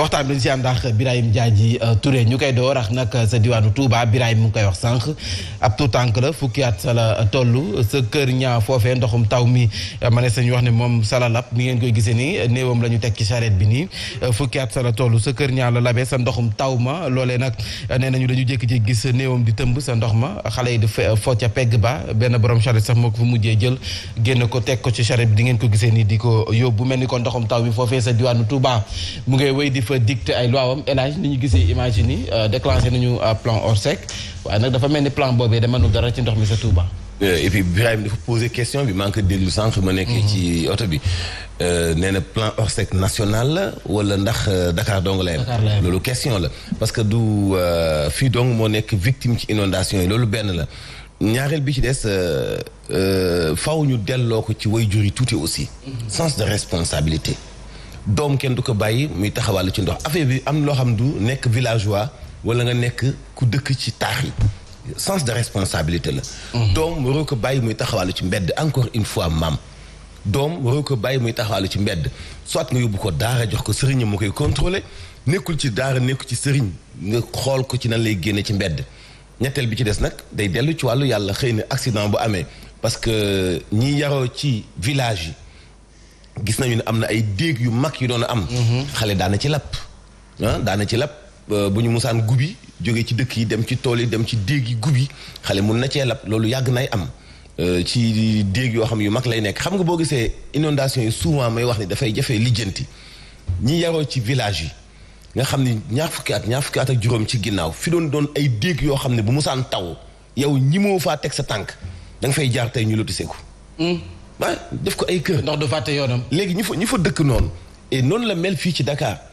waxtaan bi ñu si ànd ak Birahim Diadji euh, Touré ñu koy door ak nag euh, sa diwaanu Touba Birahim mu ngi koy wax sànq ab tout la fukki at sala euh, toll sa kër ñaa foofee ndoxum taw mi ma ne sañu wax ne moom sala lab ni ngeen koy gisee nii néewam la ñu teg ci charette bi nii fukki at sala toll sa kër ñaa la labee sa ndoxum taw ma loole nag nee nañu dañu jëkk ci gis néewam di tëmb sa ndox ma xale yi di foo ca pegg ba benn boroom sa sax moo ko fa mujjee jël génn ko teg ko ci charette bi di ngeen ko gisee nii di ko yóbbu mel ni ko ndoxum taw mi foofee sa diwaanu Touba mu ngay wéy di dafa dicté ay loi am élage ni ñu gisee image yi nii euh, déclenché nañu euh, plan Orsec waaye nag dafa mel ni plan boobee dama nu dara ci ndox mi sa Touba. Euh, et puis Birahim dafa posé question bi manque déglu sànq ma nekkee mhm. ci oto bi nee na plan Orsec national la wala ndax Dakar dong la loolu question la parce que du fii dong moo nekk victime ci inondation yi loolu benn la ñaareel bi ci des faw ñu delloo ko ci way juri tuuti aussi mhm. sens de responsabilité doom kenn du ko bàyyi muy taxawal ci ndox affaire bi am loo xam du nekk village villageois wala nga nekk ku dëkk ci taax yi sens de responsabilité la. Mhm. doom waroo ko bàyyi muy taxawalu ci mbedd encore une fois maam. doom waroo ko bàyyi muy taxawal ci mbedd soit nga yóbbu ko daara jox ko sëriñ mu koy contrôler nekkul ci daara nekkul ci sëriñ nga xool ko ci nan lay génne ci mbedd. ñetteel bi ci des nag day dellu ci wàllu yàlla xëy na accident bu amee parce que ñi yaroo ci village yi. gis nañu ne am na ay déeg yu mag yu doon am. Mhm. xale daana ci lapp ah daana ci lapp bu ñu musaan gubi jóge ci dëkk yi dem ci tool yi dem ci déeg yi gubi xale mun na cee lapp loolu yàgg nay am. Euh, ci déeg yoo xam ne yu mag lay nekk xam nga boo gisee inondation yu souvent may wax ni dafay jafe lijjanti ñi yaroo ci village yi nga xam ne ñaar fukki at ñaar fukki at ak juróom ci ginnaaw fi doon doon ay déeg yoo xam ne bu musaan taw yow ñi moo faa teg sa tànk da fay jaar tey ñu lotiseeku ba def ko ay kër. ndox du fàtte yoonam. léegi ñi fa ñi fa dëkk noonu. et noonu la mel fii ci dakaar